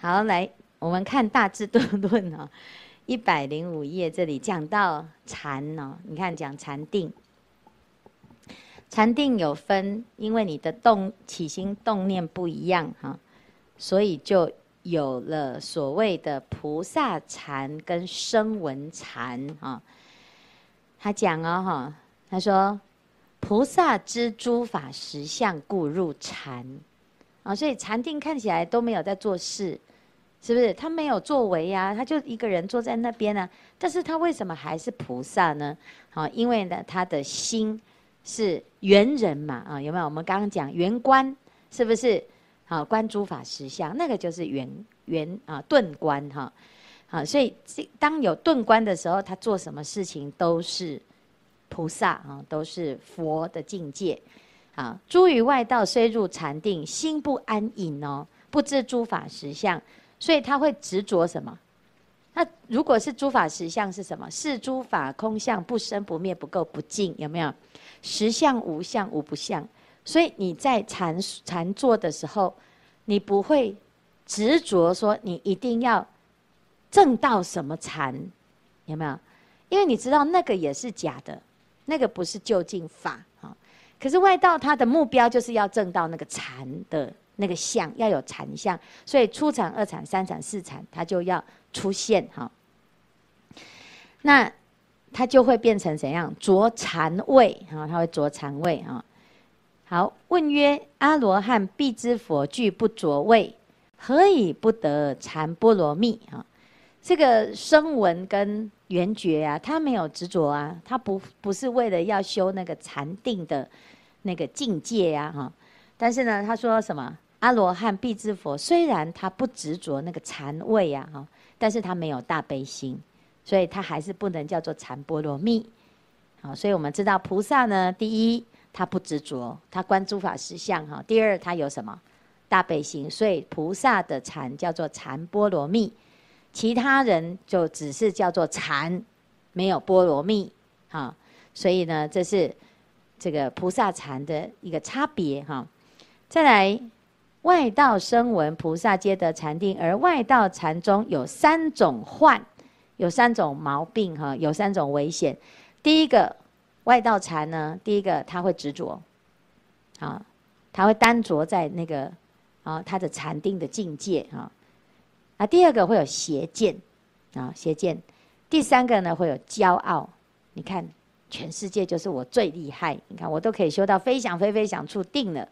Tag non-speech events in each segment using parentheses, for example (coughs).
好，來我們看《大智度論》哦，一百零五頁這裡講到禪哦，你看講禪定，禪定有分，因為你的動起心動念不一樣哈、哦，所以就有了所謂的菩薩禪跟聲聞禪啊。他講哦哈，他、哦、說菩薩知諸法實相故入禪啊、哦，所以禪定看起來都沒有在做事。是不是他沒有作為呀、啊？他就一個人坐在那邊呢、啊。但是他為什麼還是菩薩呢？啊，因為呢，他的心是圓人嘛，啊，有沒有？我們剛剛講圓觀，是不是？好、啊，觀諸法實相，那個就是圓圓啊頓觀哈，啊，所以當有頓觀的時候，他做什麼事情都是菩薩啊，都是佛的境界。啊，諸餘外道雖入禪定，心不安隱哦，不知諸法實相。所以他會執着什麼？那如果是諸法實相是什麼？是諸法空相，不生不滅，不垢不淨，有沒有？實相無相，無不相。所以你在禪禪坐的時候，你不會執着說你一定要證到什麼禪，有沒有？因為你知道那個也是假的，那個不是究竟法啊。可是外道他的目標就是要證到那個禪的。那個相要有禪相，所以初禪、二禪、三禪、四禪，它就要出現哈、哦。那它就會變成怎樣？著禪味哈、哦，它會著禪味啊、哦。好，問曰：阿羅漢辟支佛俱不著味，何以不得禪波羅蜜啊、哦？這個聲聞跟緣覺啊，他沒有執着啊，他不不是為了要修那個禪定的那個境界呀、啊、哈、哦。但是呢，他說什麼？阿羅漢辟支佛，雖然他不執着那個禪味啊，哈，但是他沒有大悲心，所以他還是不能叫做禪波羅蜜。好，所以我們知道菩薩呢，第一他不執着，他觀諸法實相，哈，第二他有什麼大悲心，所以菩薩的禪叫做禪波羅蜜，其他人就只是叫做禪，沒有波羅蜜，啊，所以呢，這是這個菩薩禪的一個差別，哈，再來。外道聲聞菩薩皆得禪定，而外道禪中有三種患，有三種毛病哈，有三種危險。第一個外道禪呢，第一個他會執着，啊，他會耽著在那個啊他的禪定的境界啊，那第二個會有邪見，啊邪見。第三個呢會有驕傲，你看全世界就是我最厲害，你看我都可以修到非想非非想處定了。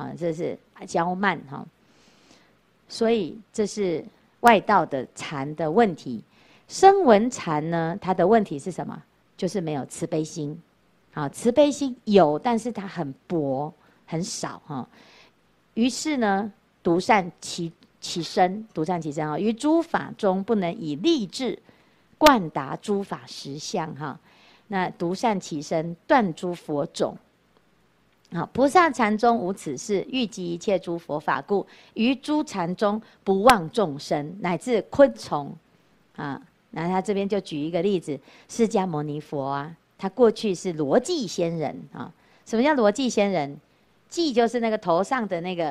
啊，這是驕慢哈，所以這是外道的禪的問題。聲聞禪呢，它的問題是什麼？就是沒有慈悲心。啊，慈悲心有，但是它很薄，很少哈。於是呢，獨善其其身，獨善其身啊，於諸法中不能以立志貫達諸法實相哈。那獨善其身，斷諸佛種。啊！菩薩禪中無此事，欲集一切諸佛法故，於諸禪中不忘眾生乃至昆蟲。啊，那他這邊就舉一個例子，：釋迦牟尼佛啊，他過去是螺髻仙人啊。什麼叫螺髻仙人？“髻”就是那個頭上的那個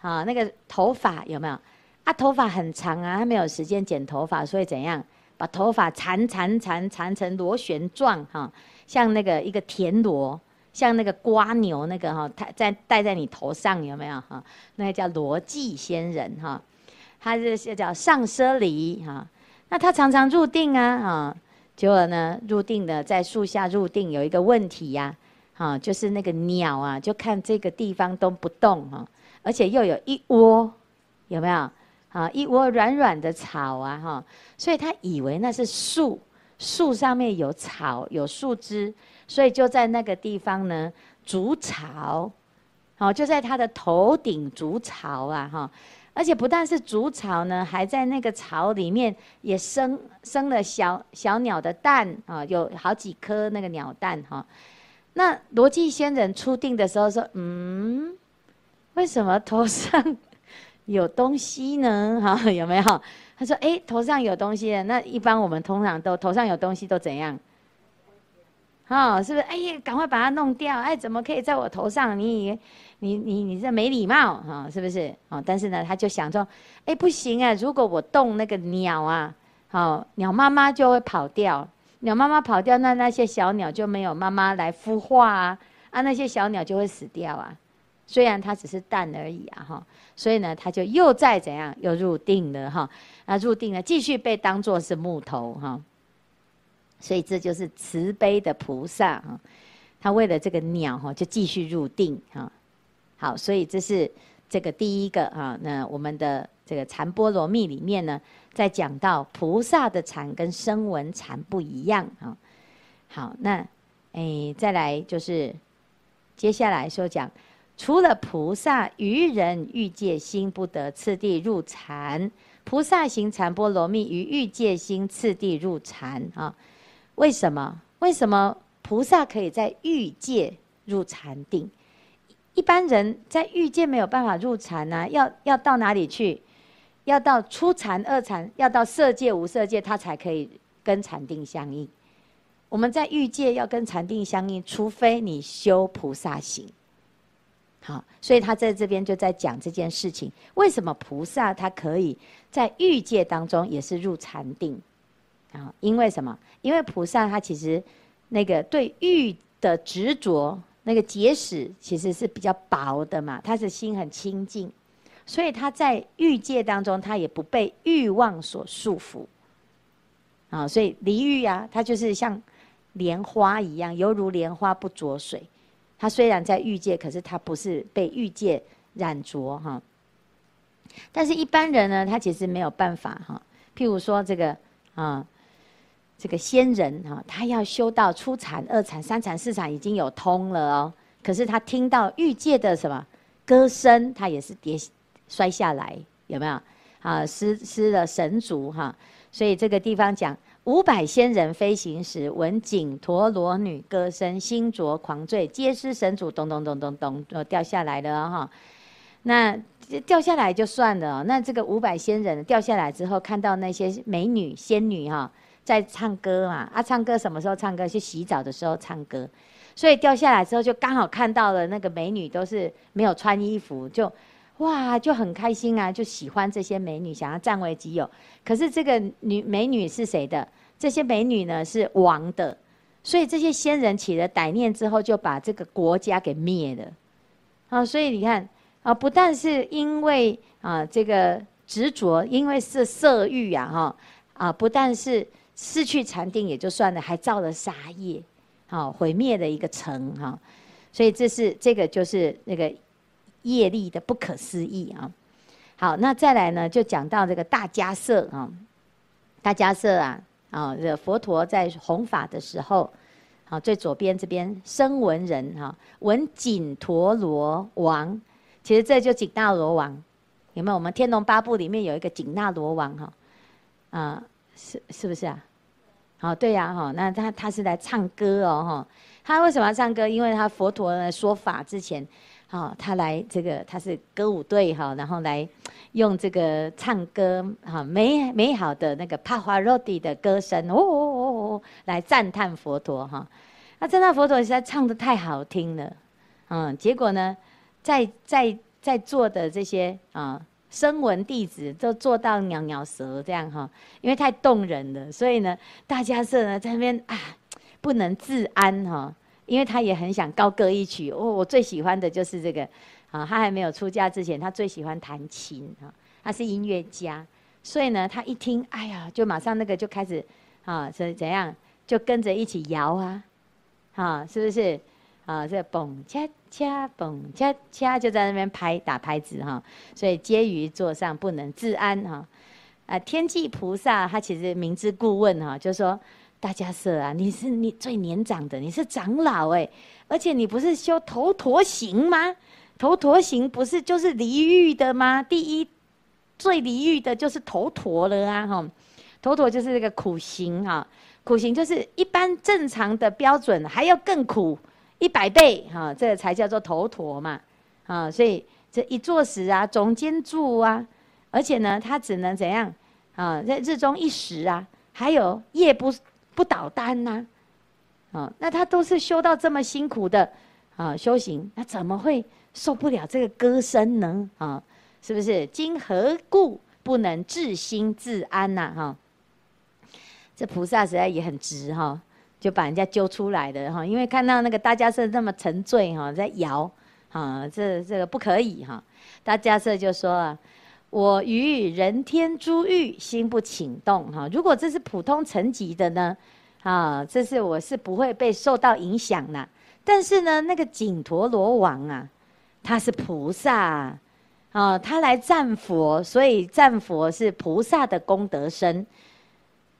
啊，那個頭髮有沒有？啊，頭髮很長啊，他沒有時間剪頭髮，所以怎樣把頭髮纏纏纏纏成螺旋狀。哈，像那個一個田螺。像那個蝸牛那個哈，它在戴在你頭上有沒有哈？那個叫螺髻仙人哈，他是叫上奢離哈。那他常常入定啊啊，結果呢，入定的在樹下入定有一個問題呀啊，就是那個鳥啊，就看這個地方都不動哈，而且又有一窩，有沒有啊？一窩軟軟軟的草啊哈，所以他以為那是樹，樹上面有草有樹枝。所以就在那個地方呢，築巢，好，就在他的頭頂築巢啊，哈，而且不但是築巢呢，還在那個巢裡面也生生了小小鳥的蛋啊，有好幾顆那個鳥蛋哈。那螺髻仙人出定的時候說，嗯，為什麼頭上有東西呢？哈，有沒有？他說，哎、欸，頭上有東西。那一般我們通常都頭上有東西都怎樣？哦，是不是？哎、欸、呀，趕快把它弄掉！哎、欸，怎麼可以在我頭上？你，你，你，你，你這沒禮貌！哈、哦，是不是、哦？但是呢，他就想說，哎、欸，不行啊！如果我動那個鳥啊，好、哦，鳥媽媽就會跑掉。鳥媽媽跑掉，那那些小鳥就沒有媽媽來孵化啊，啊，那些小鳥就會死掉啊。雖然它只是蛋而已啊，哈、哦。所以呢，它就又再怎樣，又入定了哈、哦，啊，入定了，繼續被當作是木頭哈。哦。所以這就是慈悲的菩薩，他為了這個鳥就繼續入定啊。好，所以這是這個第一個啊。那我們的這個禪波羅蜜裡面呢，在講到菩薩的禪跟聲聞禪不一樣啊。好，那誒、欸，再來就是接下來說講，除了菩薩，愚人欲界心不得次第入禪，菩薩行禪波羅蜜於欲界心次第入禪啊。為什麼？為什麼菩薩可以在欲界入禪定？一般人在欲界沒有辦法入禪呢、啊？要要到哪裡去？要到初禪、二禪，要到色界、無色界，他才可以跟禪定相應。我們在欲界要跟禪定相應，除非你修菩薩行。好，所以他在這邊就在講這件事情：為什麼菩薩他可以在欲界當中也是入禪定？因為什麼？因為菩薩他其實，那個對欲的執着，那個結使其實是比較薄的嘛。他是心很清淨，所以他在欲界當中，他也不被欲望所束縛。啊，所以離欲啊，他就是像蓮花一樣，猶如蓮花不着水。他雖然在欲界，可是他不是被欲界染著哈。但是，一般人呢，他其實沒有辦法哈。譬如說這個啊。這個仙人哈、哦，他要修到初禪、二禪、三禪、四禪已經有通了哦。可是他聽到欲界的什麼歌聲，他也是跌摔下來，有沒有？啊，失失了神足哈、哦。所以這個地方講五百仙人飛行時聞緊陀羅女歌聲，心濁狂醉，皆失神足，咚咚咚咚咚、咚、咚，掉下來了哈、哦。那掉下來就算了、哦。那這個五百仙人掉下來之後，看到那些美女仙女哈、哦。在唱歌嘛，啊，唱歌什麼時候唱歌？去洗澡的時候唱歌，所以掉下來之後就剛好看到了那個美女，都是沒有穿衣服，就哇，就很開心啊，就喜歡這些美女，想要占為己有。可是這個女美女是誰的？這些美女呢，是王的，所以這些仙人起了歹念之後，就把這個國家給滅了。啊，所以你看啊，不但是因為啊這個執着，因為是色慾啊，哈啊，不但是。失去禪定也就算了，還造了殺業，好毀滅的一個城哈，所以這是這個就是那個業力的不可思議啊。好，那再來呢，就講到這個大迦葉啊，大迦葉啊啊，佛陀在弘法的時候，好最左邊這邊聲聞人哈，文錦陀羅王，其實這就是緊那羅王，有沒有？我們《天龍八部》裡面有一個緊那羅王哈，啊。是是不是啊？好、哦，對呀、啊，哈、哦，那他他是來唱歌哦，哈、哦，他為什麼要唱歌？因為他佛陀的說法之前，哈、哦，他來這個他是歌舞隊哈、哦，然後來用這個唱歌哈、哦，美美好的那個帕華羅蒂的歌聲哦哦哦，哦來讚歎佛陀哈，那、哦啊、讚歎佛陀實在唱得太好聽了，嗯，結果呢，在在在座的這些啊。哦聲聞弟子都做到裊裊舌這樣哈，因為太動人了，所以呢，大家是呢在那邊啊，不能自安哈，因為他也很想高歌一曲。哦，我最喜歡的就是這個，啊，他還沒有出家之前，他最喜歡彈琴哈，他是音樂家，所以呢，他一聽，哎呀，就馬上那個就開始，啊，是怎樣就跟着一起搖啊，啊，是不是，啊，這嘣接。掐逢掐掐，帕帕就在那邊拍打拍子哈，所以皆於座上不能自安哈。啊，天跡菩薩他其實明知故問哈，就說大家是啊，你是你最年長的，你是長老哎，而且你不是修頭陀，陀行嗎？頭陀，陀行不是就是離欲的嗎？第一最離欲的就是頭陀，陀了啊哈，頭陀，陀就是這個苦行哈，苦行就是一般正常的標準還要更苦。一百倍哈、哦，這個，才叫做頭陀,陀嘛，啊、哦，所以這一坐時啊，塚間住啊，而且呢，他只能怎樣啊、哦，在日中一食啊，還有夜不不倒單吶、啊，啊、哦，那他都是修到這麼辛苦的啊、哦、修行，那怎麼會受不了這個歌聲呢？啊、哦，是不是？今何故不能自心自安吶、啊？哈、哦，這菩薩實在也很直哈、哦。就把人家揪出來的哈，因為看到那個大迦葉那麼沉醉哈，在搖，哈，這這個不可以哈。大迦葉就說啊，我於人天諸欲心不傾動哈。如果這是普通層級的呢，啊，這是我是不會被受到影響的。但是呢，那個景陀羅王啊，他是菩薩啊，他來讚佛，所以讚佛是菩薩的功德身。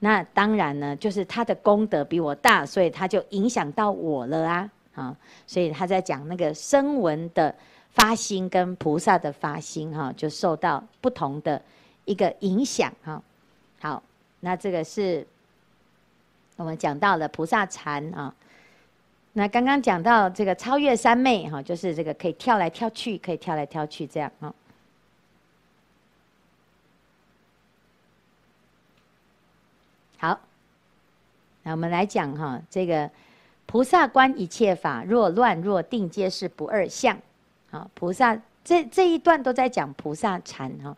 那當然呢，就是他的功德比我大，所以他就影響到我了啊！啊，所以他在講那個聲聞的發心跟菩薩的發心，哈，就受到不同的一個影響，哈。好，那這個是我們講到了菩薩禪啊。那剛剛講到這個超越三昧，哈，就是這個可以跳來跳去，可以跳來跳去這樣，哈。好，那我們來講哈、哦，這個菩薩觀一切法，若亂若定皆是不二相。啊、哦，菩薩這這一段都在講菩薩禪哈、哦。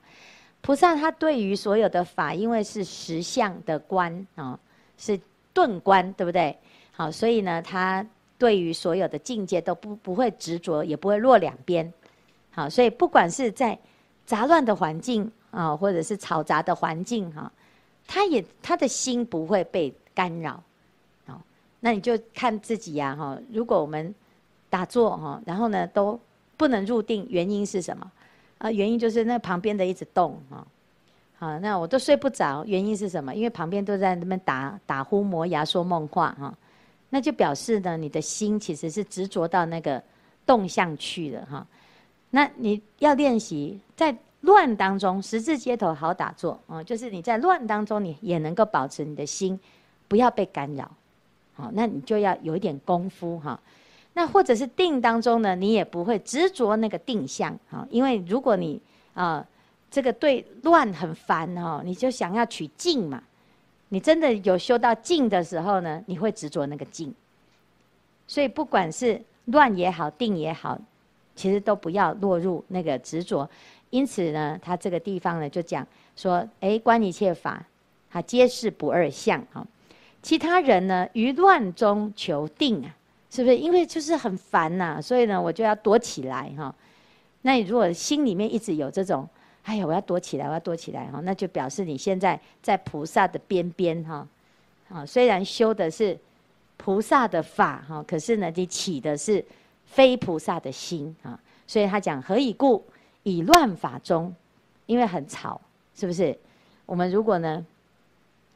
菩薩他對於所有的法，因為是實相的觀啊、哦，是頓觀，對不對？好，所以呢，他對於所有的境界都不不會執着，也不會落兩邊。好，所以不管是在雜亂的環境啊、哦，或者是嘈雜的環境哈。哦他也他的心不會被干擾，哦，那你就看自己呀，哈。如果我們打坐哈，然後呢都不能入定，原因是什麼？啊，原因就是那旁邊的一直動哈，好，那我都睡不着，原因是什麼？因為旁邊都在那邊打打呼、磨牙、說夢話哈，那就表示呢，你的心其實是執着到那個動向去了哈。那你要練習在。亂當中十字街頭好打坐，嗯，就是你在亂當中，你也能夠保持你的心不要被干擾，好，那你就要有一點功夫哈。那或者是定當中呢，你也不會執着那個定相。哈，因為如果你啊，呃，這個對亂很煩哈，你就想要取靜嘛。你真的有修到靜的時候呢，你會執着那個靜。所以不管是亂也好，定也好，其實都不要落入那個執着。因此呢，他這個地方呢就講說：哎、欸，觀一切法，他皆是不二相。其他人呢，於亂中求定啊，是不是？因為就是很煩吶、啊，所以呢，我就要躲起來哈。那你如果心裡面一直有這種，哎呀，我要躲起來，我要躲起來哈，那就表示你現在在菩薩的邊邊哈。啊，雖然修的是菩薩的法哈，可是呢，你起的是非菩薩的心啊。所以他講：何以故？以亂法中，因為很吵，是不是？我們如果呢，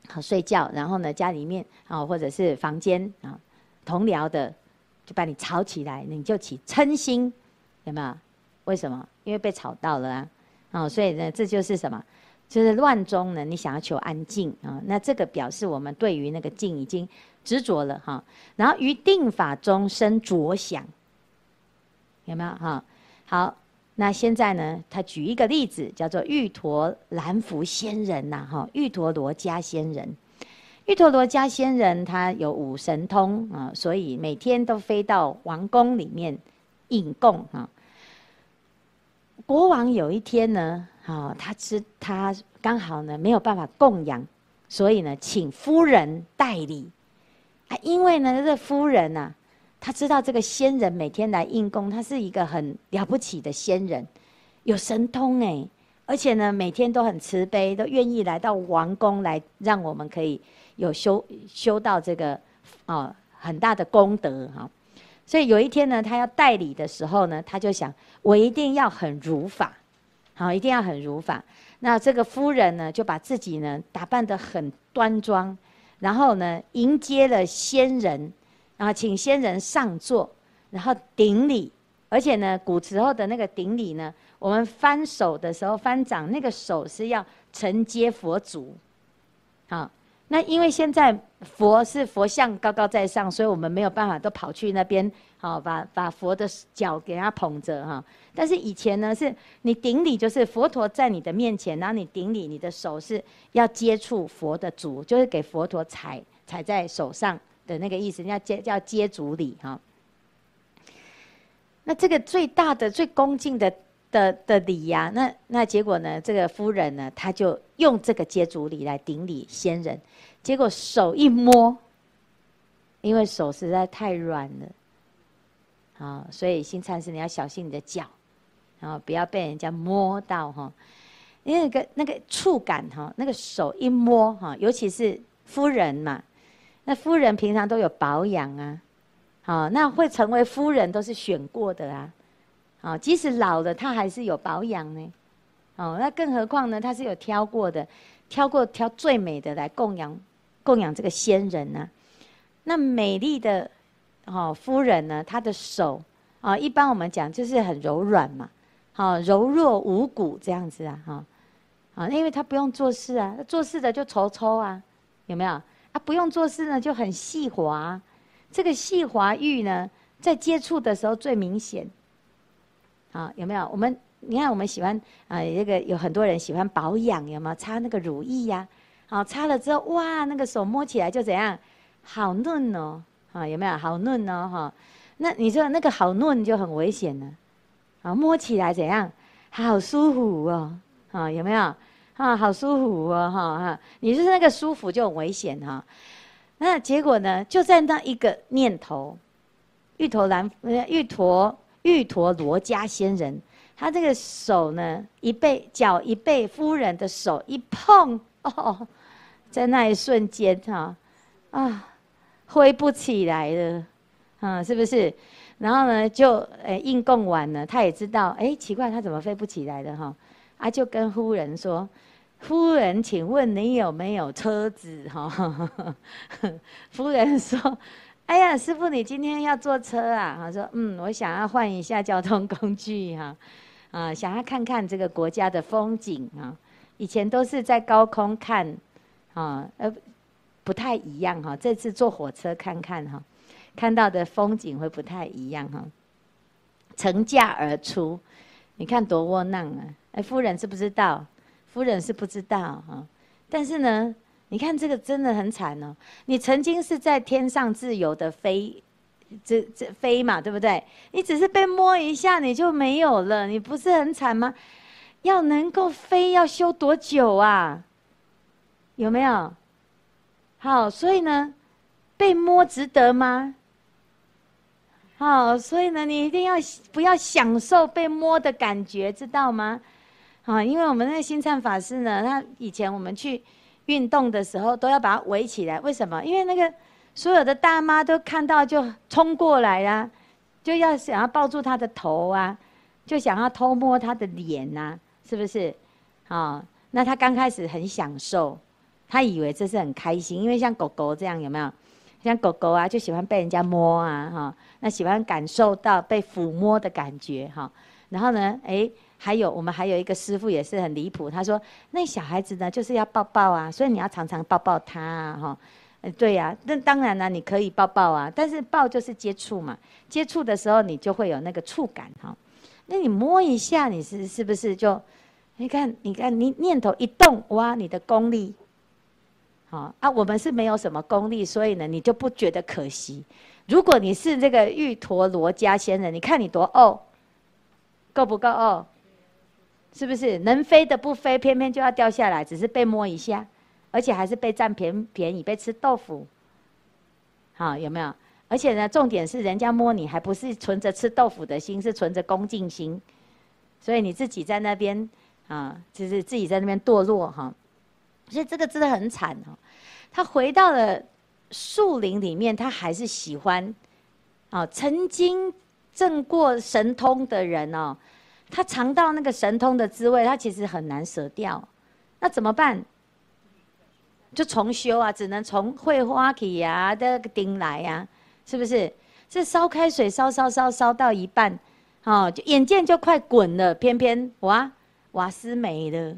好睡覺，然後呢，家裡面啊、哦，或者是房間啊、哦，同僚的，就把你吵起來，你就起嗔心，有沒有？為什麼？因為被吵到了啊，啊、哦，所以呢，這就是什麼？就是亂中呢，你想要求安靜啊、哦，那這個表示我們對於那個靜已經執着了哈、哦。然後於定法中生着想，有沒有哈、哦？好。那現在呢？他舉一個例子，叫做鬱陀藍弗仙人吶、啊，哈，鬱陀羅迦仙人。鬱陀羅迦仙人他有五神通啊，所以每天都飛到王宮裡面應供啊。國王有一天呢，啊、哦，他是他剛好呢沒有辦法供養，所以呢請夫人代理。啊，因為呢這夫人啊。他知道這個仙人每天來應供，他是一個很了不起的仙人，有神通誒，而且呢，每天都很慈悲，都願意來到王宮來，讓我們可以有修修到這個啊、哦、很大的功德哈、哦。所以有一天呢，他要代理的時候呢，他就想，我一定要很如法，好、哦，一定要很如法。那這個夫人呢，就把自己呢打扮得很端莊，然後呢，迎接了仙人。啊，請仙人上座，然後頂禮，而且呢，古時候的那個頂禮呢，我們翻手的時候翻掌，那個手是要承接佛足。好，那因為現在佛是佛像高高在上，所以我們沒有辦法都跑去那邊，好把把佛的腳給他捧着哈、哦。但是以前呢，是你頂禮，就是佛陀在你的面前，然後你頂禮，你的手是要接觸佛的足，就是給佛陀踩踩在手上。的那個意思，叫接叫接足禮哈、哦。那這個最大的最恭敬的的的禮呀、啊，那那結果呢，這個夫人呢，她就用這個接足禮來頂禮仙人，結果手一摸，因為手實在太軟了，啊、哦，所以新禪師你要小心你的腳，啊、哦，不要被人家摸到哈、哦，因為那個那個觸感哈、哦，那個手一摸哈，尤其是夫人嘛。那夫人平常都有保養啊，好，那會成為夫人都是選過的啊，好，即使老了她還是有保養呢，哦，那更何況呢，她是有挑過的，挑過挑最美的來供養，供養這個仙人呢、啊。那美麗的哦夫人呢，她的手啊，一般我們講就是很柔軟嘛，好柔弱無骨這樣子啊，哈，啊，因為她不用做事啊，做事的就粗粗啊，有沒有？啊，不用做事呢就很細滑，這個細滑欲呢，在接觸的時候最明顯。啊，有沒有？我們你看，我們喜歡啊、呃，這個有很多人喜歡保養，有沒有擦那個乳液呀、啊？好，擦了之後，哇，那個手摸起來就怎樣？好嫩哦，啊，有沒有？好嫩哦，哈。那你說那個好嫩就很危險了，啊，摸起來怎樣？好舒服哦。啊，有沒有？啊，好舒服、哦、啊，哈哈！你就是那個舒服就很危險哈、哦。那結果呢，就在那一個念頭，鬱陀羅呃鬱陀鬱陀羅迦仙人，他這個手呢一被，腳一被夫人的手一碰，哦，在那一瞬間哈、哦，啊，揮不起來了，嗯、啊，是不是？然後呢，就誒，應、欸、供完了，他也知道，哎、欸，奇怪，他怎麼飛不起來的哈、哦？啊，就跟夫人說：“夫人，請問你有沒有車子？哈，夫人說：‘哎呀，師父，你今天要坐車啊？’他說：‘嗯，我想要換一下交通工具哈，啊，想要看看這個國家的風景啊。以前都是在高空看，啊，呃，不太一樣哈。這次坐火車看看哈，看到的風景會不太一樣哈。’乘駕而出。”你看多窩囊啊！哎，夫人是不知道，夫人是不知道啊、哦。但是呢，你看這個真的很慘哦。你曾經是在天上自由的飛，這這飛嘛，對不對？你只是被摸一下，你就沒有了，你不是很慘嗎？要能夠飛，要修多久啊？有沒有？好，所以呢，被摸值得嗎？哦，所以呢，你一定要不要享受被摸的感覺，知道嗎？啊、哦，因為我們那個星燦法師呢，他以前我們去運動的時候都要把他圍起來，為什麼？因為那個所有的大媽都看到就衝過來啦、啊，就要想要抱住他的頭啊，就想要偷摸他的臉吶、啊，是不是？啊、哦，那他剛開始很享受，他以為這是很開心，因為像狗狗這樣有沒有？像狗狗啊，就喜歡被人家摸啊，哈、哦，那喜歡感受到被撫摸的感覺哈、哦。然後呢，哎、欸，還有我們還有一個師父也是很離譜，他說那小孩子呢就是要抱抱啊，所以你要常常抱抱他哈、哦欸。對呀、啊，那當然啦、啊，你可以抱抱啊，但是抱就是接觸嘛，接觸的時候你就會有那個觸感哈、哦。那你摸一下，你是是不是就你看你看你念頭一動哇，你的功力。啊啊！我們是沒有什麼功力，所以呢，你就不覺得可惜。如果你是這個鬱陀羅迦仙人，你看你多傲，夠不夠傲？是不是能飛的不飛，偏偏就要掉下來？只是被摸一下，而且還是被佔便宜、便宜被吃豆腐。好、啊，有沒有？而且呢，重點是人家摸你還不是存着吃豆腐的心，是存着恭敬心，所以你自己在那邊啊，就是自己在那邊墮落哈。啊所以這個真的很慘哦、喔，他回到了樹林裡面，他還是喜歡哦、喔。曾經證過神通的人哦、喔，他嘗到那個神通的滋味，他其實很難捨掉。那怎麼辦？就重修啊，只能從會花起呀、啊，的個釘來呀、啊，是不是？是燒開水燒燒燒燒到一半，哦、喔，就眼見就快滾了，偏偏哇，瓦斯沒了。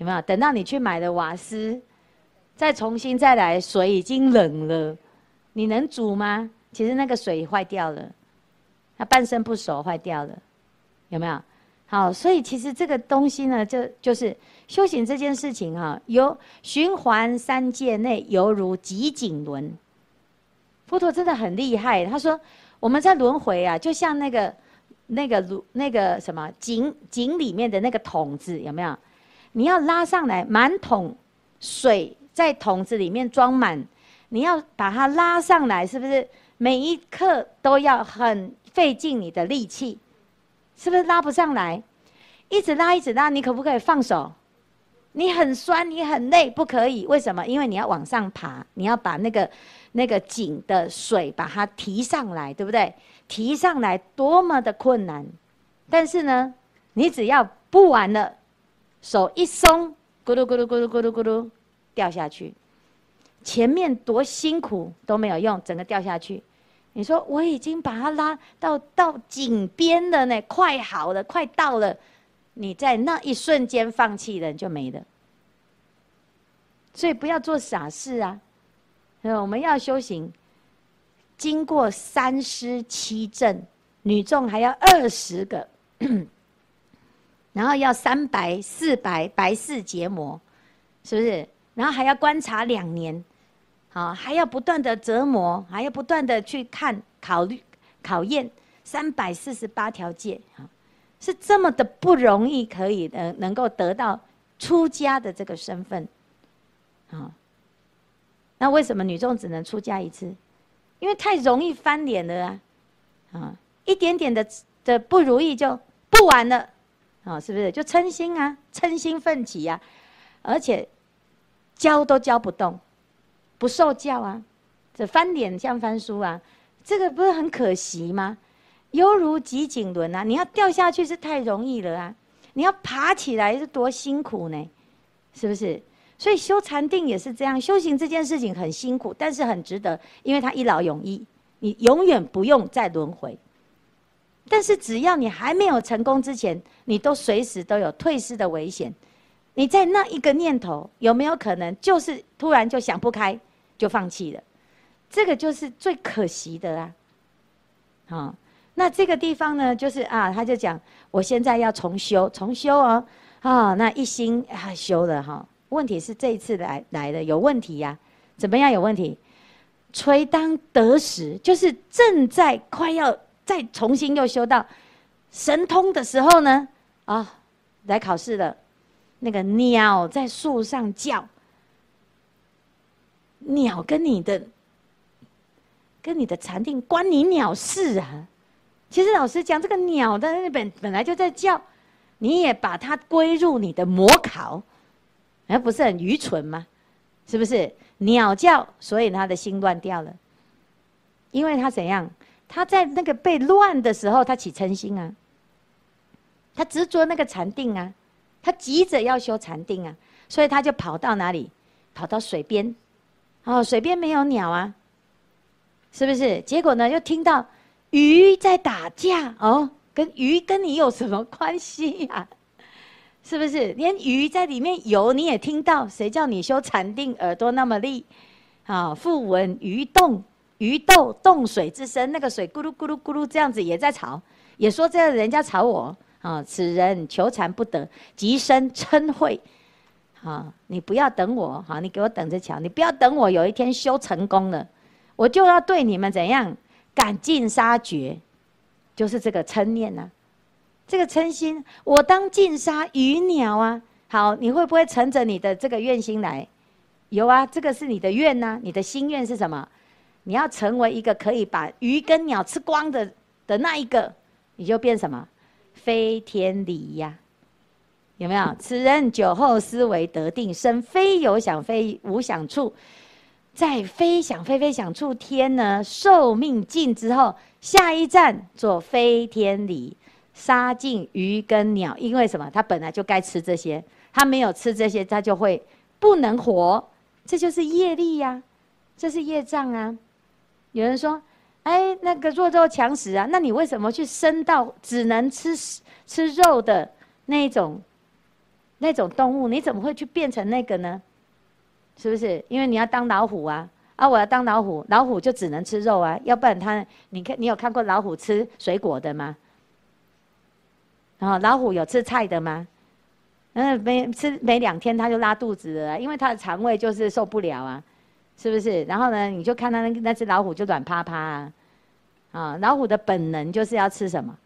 有沒有？等到你去買的瓦斯，再重新再來，水已經冷了，你能煮嗎？其實那個水壞掉了，它半生不熟，壞掉了，有沒有？好，所以其實這個東西呢，就就是修行這件事情哈、啊，由循環三界內猶如汲井輪。佛陀真的很厲害，他說我們在輪迴啊，就像那個那個那個什麼井井裡面的那個桶子，有沒有？你要拉上來滿桶水，在桶子裡面裝滿，你要把它拉上來，是不是？每一刻都要很費勁你的力氣，是不是拉不上來？一直拉，一直拉，你可不可以放手？你很酸，你很累，不可以。為什麼？因為你要往上爬，你要把那個那個井的水把它提上來，對不對？提上來多麼的困難，但是呢，你只要不玩了。手一鬆，咕嚕咕嚕咕嚕咕嚕咕嚕，掉下去。前面多辛苦都沒有用，整個掉下去。你說我已經把它拉到到井邊了呢，快好了，快到了。你在那一瞬間放棄了，你就沒了。所以不要做傻事啊！我們要修行，經過三師七證，女眾還要二十個。 (coughs) 然後要三白四白，白四羯磨，是不是？然後還要觀察兩年，啊，還要不斷的折磨，還要不斷的去看、考慮、考驗三百四十八條戒。啊，是這麼的不容易，可以的，能夠得到出家的這個身份，啊，那為什麼女眾只能出家一次？因為太容易翻臉了啊，啊，一點點的的不如意就不完了。啊、哦，是不是就瞋心啊？瞋心奮起呀、啊，而且教都教不動，不受教啊，這翻臉像翻書啊，這個不是很可惜嗎？猶如汲井輪啊，你要掉下去是太容易了啊，你要爬起來是多辛苦呢？是不是？所以修禪定也是這樣，修行這件事情很辛苦，但是很值得，因為它一勞永逸，你永遠不用再輪迴。但是只要你還沒有成功之前，你都隨時都有退失的危險。你在那一個念頭有沒有可能，就是突然就想不開就放棄了？這個就是最可惜的啦、啊。好、哦，那這個地方呢，就是啊，他就講，我現在要重修，重修哦，啊、哦，那一心啊修了哈、哦，問題是這一次來來的有問題呀、啊？怎麼樣有問題？垂當得時，就是正在快要。在重新又修到神通的時候呢，啊、哦，來考試了。那個鳥在樹上叫，鳥跟你的，跟你的禪定關你鳥事啊！其實老師講這個鳥的，本本來就在叫，你也把它歸入你的模考，哎，不是很愚蠢嗎？是不是？鳥叫，所以他的心亂掉了，因為他怎樣？他在那個被亂的時候，他起嗔心啊，他執着那個禪定啊，他急着要修禪定啊，所以他就跑到哪裡？跑到水邊，哦，水邊沒有鳥啊，是不是？結果呢，又聽到魚在打架哦，跟魚跟你有什麼關係啊？是不是？連魚在裡面游，你也聽到，誰叫你修禪定耳朵那麼利？啊、哦，復聞魚動。魚鬥，凍水之聲，那個水咕嚕咕嚕咕嚕這樣子也在吵，也說這樣人家吵我啊！此人求禪不得，即生嗔恚。啊，你不要等我，好，你給我等着瞧。你不要等我，有一天修成功了，我就要對你們怎樣趕盡殺絕，就是這個嗔念吶、啊，這個嗔心，我當盡殺魚鳥啊！好，你會不會乘着你的這個願心來？有啊，這個是你的願吶、啊，你的心願是什麼？你要成為一個可以把魚跟鳥吃光的的那一個，你就變什麼？飛天狸呀、啊？有沒有？此人酒後思維得定身，生非有想非無想處，在非想非非想處天呢，壽命盡之後，下一站做飛天狸，殺盡魚跟鳥，因為什麼？他本來就該吃這些，他沒有吃這些，他就會不能活，這就是業力呀、啊，這是業障啊。有人說：“哎、欸，那個弱肉強食啊，那你為什麼去生到只能吃吃肉的那一種那一種動物？你怎麼會去變成那個呢？是不是？因為你要當老虎啊！啊，我要當老虎，老虎就只能吃肉啊，要不然它……你看，你有看過老虎吃水果的嗎？啊、哦，老虎有吃菜的嗎？嗯，沒吃，沒兩天它就拉肚子了、啊，因為它的腸胃就是受不了啊。”是不是？然後呢，你就看到那那隻老虎就軟趴趴啊，啊，老虎的本能就是要吃什麼，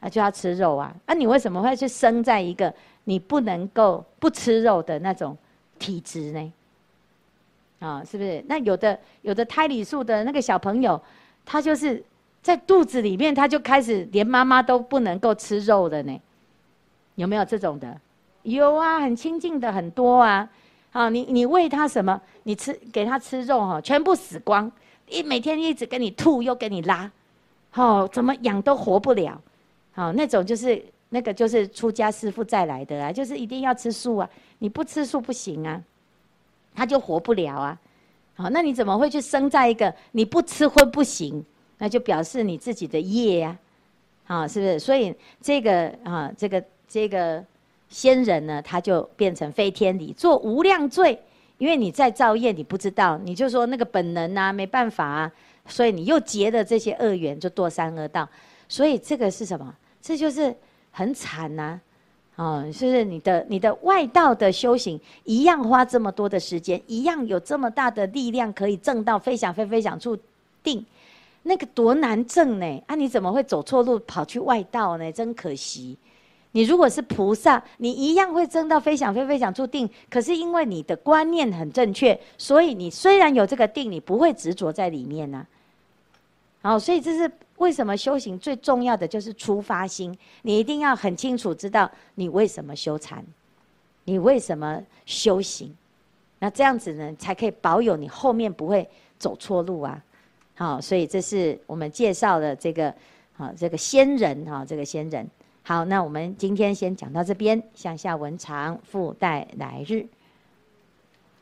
啊，就要吃肉啊。那、啊、你為什麼會去生在一個你不能夠不吃肉的那種體質呢？啊，是不是？那有的有的胎裡素的那個小朋友，他就是在肚子裡面，他就開始連媽媽都不能夠吃肉了呢。有沒有這種的？有啊，很親近的很多啊。啊，你你餵它什麼？你吃給它吃肉哈，全部死光。一每天一直給你吐又給你拉，好，哦，怎麼養都活不了。好，那種就是那個就是出家師父再來的啊，就是一定要吃素啊，你不吃素不行啊，它就活不了啊。好，那你怎麼會去生在一個你不吃葷不行？那就表示你自己的業呀，啊，好，是不是？所以這個啊，哦，這個這個。仙人呢，他就變成飛天裡做無量罪，因為你在造業，你不知道，你就說那個本能吶、啊，沒辦法啊，所以你又結了這些惡緣，就墮三惡道，所以這個是什麼？這就是很慘吶、啊，哦，就是你的你的外道的修行，一樣花這麼多的時間，一樣有這麼大的力量可以證到非想非非想處定，那個多難證呢？啊，你怎麼會走錯路跑去外道呢？真可惜。你如果是菩薩，你一樣會證到非想非非想注定。可是因為你的觀念很正確，所以你雖然有這個定，你不會執着在裡面呢、啊。好，所以這是為什麼修行最重要的就是出發心。你一定要很清楚知道你為什麼修禪，你為什麼修行，那這樣子呢才可以保有你後面不會走錯路啊。好，所以這是我們介紹的這個，好這個仙人好，這個仙人。這個仙人好，那我們今天先講到這邊，向下文長，復待來日。